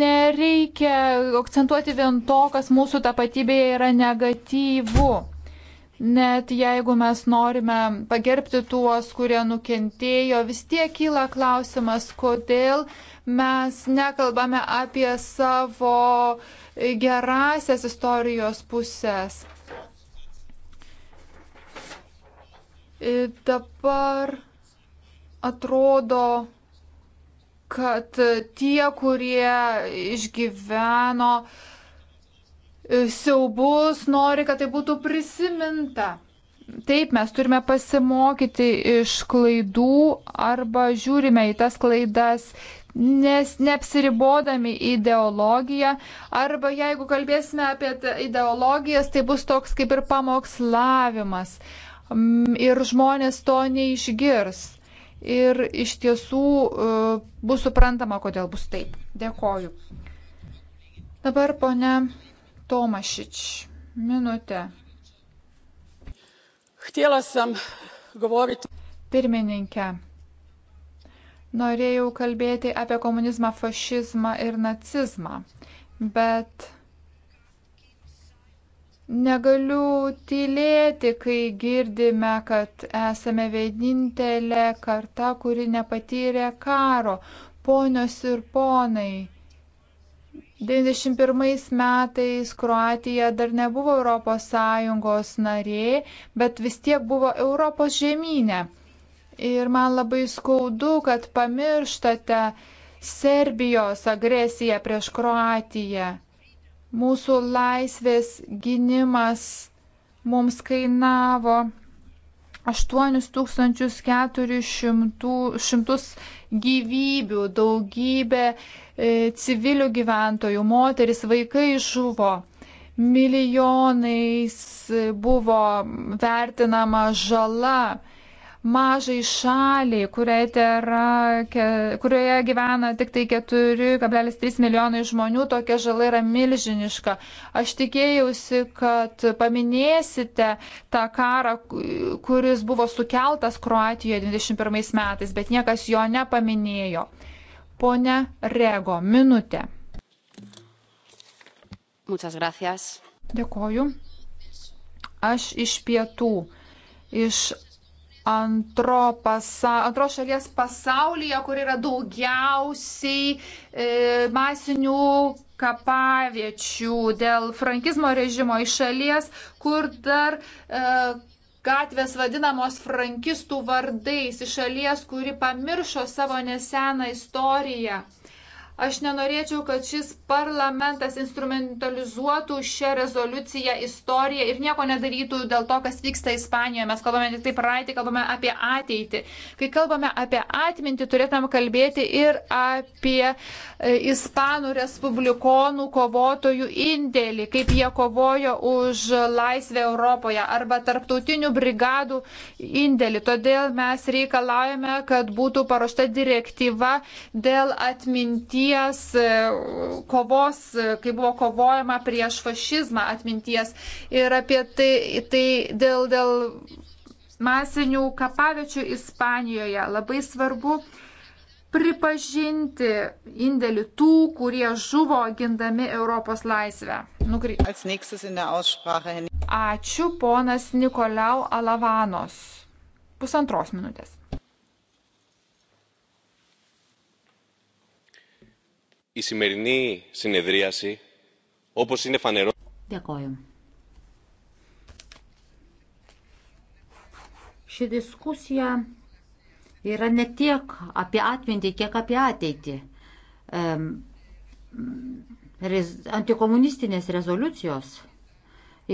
Nereikia akcentuoti vien to, kas mūsų tapatybėje yra negatyvu. Net jeigu mes norime pagerbti tuos, kurie nukentėjo, vis tiek kyla klausimas, kodėl mes nekalbame apie savo gerasias istorijos pusės. Ir dabar atrodo, kad tie, kurie išgyveno, uh, siaubus, nori, kad tai būtų prisiminta. Taip, mes turime pasimokyti iš klaidų arba žiūrime į tas klaidas, nes neapsiribodami ideologiją, arba jeigu kalbėsime apie ideologijas, tai bus toks kaip ir pamokslavimas mm, ir žmonės to neišgirs. Ir iš tiesų e, bus suprantama, kodėl bus taip. Dėkoju. Dabar, ponia Tomašić, minutė. Htjela sam govoriti. Pirmininkė. Norėjau kalbėti apie komunizmą, fašizmą ir nacizmą, bet negaliu tylėti, kai girdime, kad esame vienintelė karta, kuri nepatyrė karo. Ponios ir ponai, 91 metais Kroatija dar nebuvo ES narė, bet vis tiek buvo Europos žemynė. Ir man labai skaudu, kad pamirštate Serbijos agresiją prieš Kroatiją. Mūsų laisvės gynimas mums kainavo 8400 gyvybių, daugybė e, civilių gyventojų, moteris, vaikai žuvo. Milijonais buvo vertinama žala mažai šaliai, kurioje, tėra, kurioje gyvena tik tai 4,3 milijonai žmonių, tokia žala yra milžiniška. Aš tikėjausi, kad paminėsite tą karą, kuris buvo sukeltas Kroatijoje 21 metais, bet niekas jo nepaminėjo. Pone Rego, minutė. Dėkoju. Aš iš pietų, iš antro pasa, antros šalies pasaulyje, kur yra daugiausiai e, masinių kapaviečių dėl frankizmo režimo iš šalies, kur dar e, gatvės vadinamos frankistų vardais, iš šalies, kuri pamiršo savo neseną istoriją. Aš nenorėčiau, kad šis parlamentas instrumentalizuotų šią rezoliuciją, istoriją ir nieko nedarytų dėl to, kas vyksta Ispanijoje. Mes kalbame tik tai praeitį, kalbame apie ateitį. Kai kalbame apie atmintį, turėtum kalbėti ir apie e, Ispanų respublikonų kovotojų indėlį, kaip jie kovojo už laisvę Europoje arba tarptautinių brigadų indėlį. Todėl mes reikalaujame, kad būtų paruošta direktyva dėl atminties atminties e, kovos, e, kai buvo kovojama prieš fašizmą atminties ir apie tai, tai dėl, dėl masinių kapavečių Ispanijoje. Labai svarbu pripažinti indėlį tų, kurie žuvo gindami Europos laisvę. Nukry... Ačiū ponas Nikolau Alavanos. Pusantros minutės. η σημερινή συνεδρίαση, όπως είναι φανερό... Dėkoju. Ši diskusija yra ne tiek apie atmintį, kiek apie ateitį. Antikomunistinės rezoliucijos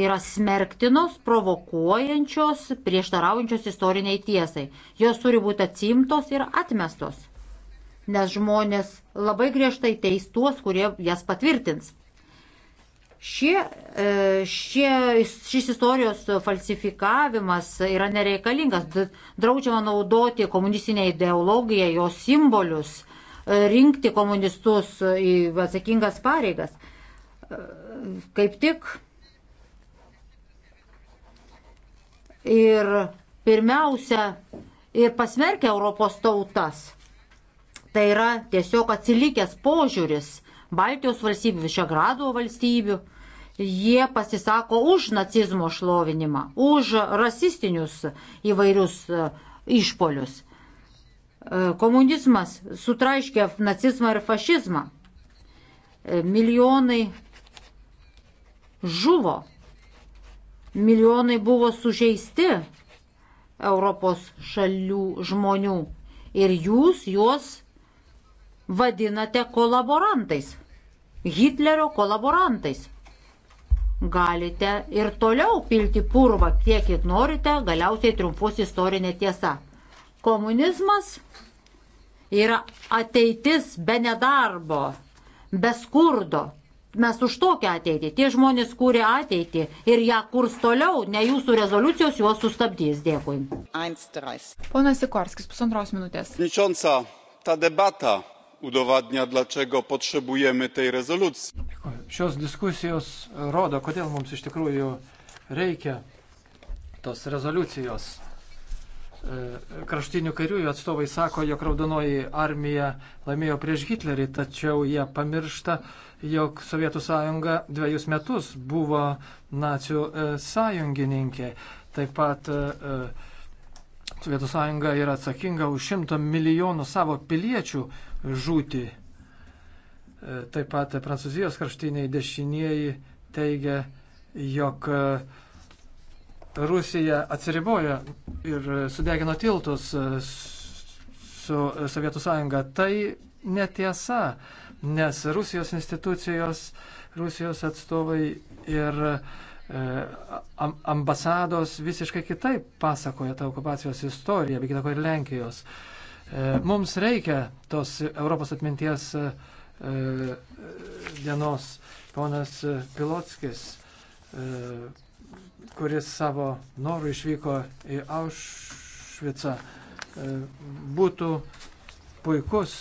yra smerktinos, provokuojančios, prieštaraujančios istoriniai tiesai. Jos turi būti atsimtos ir atmestos nes žmonės labai griežtai teis tuos, kurie jas patvirtins. Šie, e, šie, šis istorijos falsifikavimas yra nereikalingas. Draudžiama naudoti komunistinę ideologiją, jos simbolius, e, rinkti komunistus į atsakingas pareigas. E, kaip tik ir pirmiausia ir pasmerkia Europos tautas Tai yra tiesiog atsilikęs požiūris Baltijos valstybių, Višegrado valstybių. Jie pasisako už nacizmo šlovinimą, už rasistinius įvairius e, išpolius. E, komunizmas sutraiškė nacizmą ir fašizmą. E, milijonai žuvo, milijonai buvo sužeisti Europos šalių žmonių ir jūs juos vadinate kolaborantais, Hitlerio kolaborantais. Galite ir toliau pilti purvą, kiek, kiek norite, galiausiai triumfus istorinė tiesa. Komunizmas yra ateitis be nedarbo, be skurdo. Mes už tokią ateitį. Tie žmonės kūrė ateitį ir ją kurs toliau, ne jūsų rezoliucijos juos sustabdys. Dėkui. Ponas Sikorskis, pusantros minutės. Ničionca, ta debata udowadnia, dlaczego potrzebujemy tej rezolucji. Šios diskusijos rodo, kodėl mums iš tikrųjų reikia tos rezoliucijos. E, kraštinių kairiųjų atstovai sako, jog raudonoji armija laimėjo prieš Hitlerį, tačiau jie pamiršta, jog Sovietų sąjunga dviejus metus buvo nacijų e, sąjungininkė. Taip pat uh, Sovietų sąjunga yra atsakinga už šimtą milijonų savo piliečių žūti. E, taip pat prancūzijos kraštiniai dešinieji teigia, jog e, Rusija atsiribojo ir sudegino tiltus e, su Sovietų sąjunga. Tai netiesa, nes Rusijos institucijos, Rusijos atstovai ir E, ambasados visiškai kitaip pasakoja tą okupacijos istoriją, be kitako ir Lenkijos. E, mums reikia tos Europos atminties e, dienos. Ponas Pilotskis, kuris savo norų išvyko į Aušvicą, būtų puikus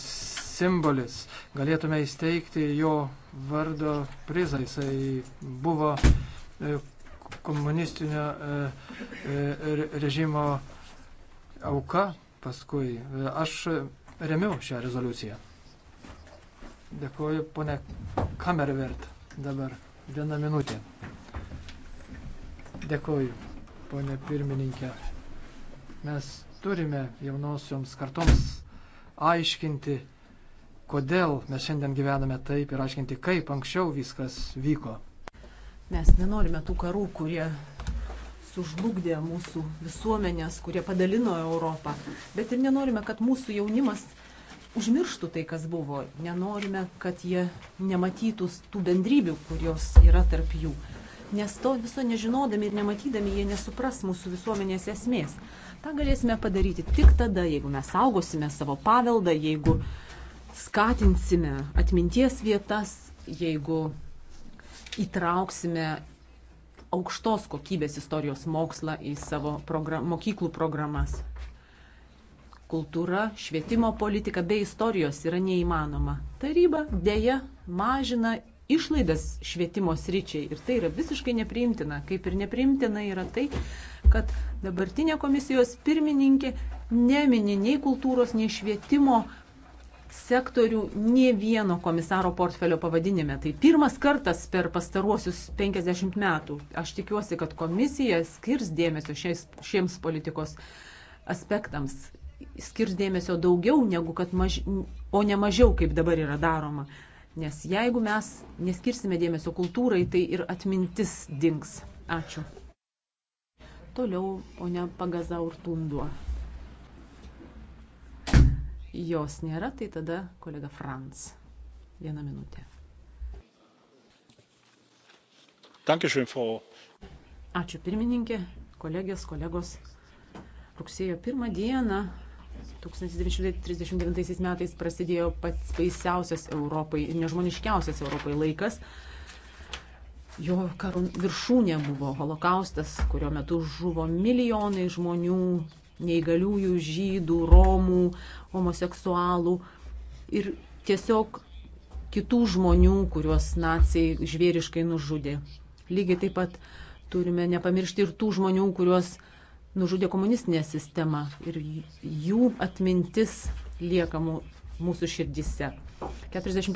simbolis. Galėtume įsteigti jo vardo prizą. Jisai buvo e, komunistinio e, e, režimo auka paskui. Aš remiu šią rezoliuciją. Dėkuoju, ponė Kamervert. Dabar viena minutė. Dėkuoju, ponė pirmininkė. Mes turime jaunosioms kartoms aiškinti, kodėl mes šiandien gyvename taip ir aiškinti, kaip anksčiau viskas vyko. Mes nenorime tų karų, kurie sužlugdė mūsų visuomenės, kurie padalino Europą, bet ir nenorime, kad mūsų jaunimas užmirštų tai, kas buvo. Nenorime, kad jie nematytų tų bendrybių, kurios yra tarp jų. Nes to viso nežinodami ir nematydami jie nesupras mūsų visuomenės esmės. Ta galėsime padaryti tik tada, jeigu mes saugosime savo paveldą, jeigu uh, skatinsime atminties vietas, jeigu įtrauksime aukštos kokybės istorijos mokslą į savo program, mokyklų programas. Kultūra, švietimo politika be istorijos yra neįmanoma. Taryba dėja mažina išlaidas švietimo sričiai ir tai yra visiškai nepriimtina. Kaip ir nepriimtina yra tai, kad dabartinė komisijos pirmininkė nemini nei kultūros, nei švietimo sektorių nie vieno komisaro portfelio pavadinime. Tai pirmas kartas per pastaruosius 50 metų. Aš tikiuosi, kad komisija skirs dėmesio šiais, šiems politikos aspektams. Skirs dėmesio daugiau, negu kad maž... o ne mažiau, kaip dabar yra daroma. Nes jeigu mes neskirsime dėmesio kultūrai, tai ir atmintis dings. Ačiū. Toliau, ponia Pagazaurtunduo. Jos nėra, tai tada kolega Franz. Vieną minutę. Ačiū pirmininkė, kolegės, kolegos. Rugsėjo pirmą dieną 1939 metais prasidėjo pats baisiausias Europai ir nežmoniškiausias Europai laikas. Jo karo viršūnė buvo holokaustas, kurio metu žuvo milijonai žmonių, neįgaliųjų, žydų, romų, homoseksualų ir tiesiog kitų žmonių, kuriuos nacijai žvėriškai nužudė. Lygiai taip pat turime nepamiršti ir tų žmonių, kuriuos nužudė komunistinė sistema ir jų atmintis lieka mūsų širdise. 45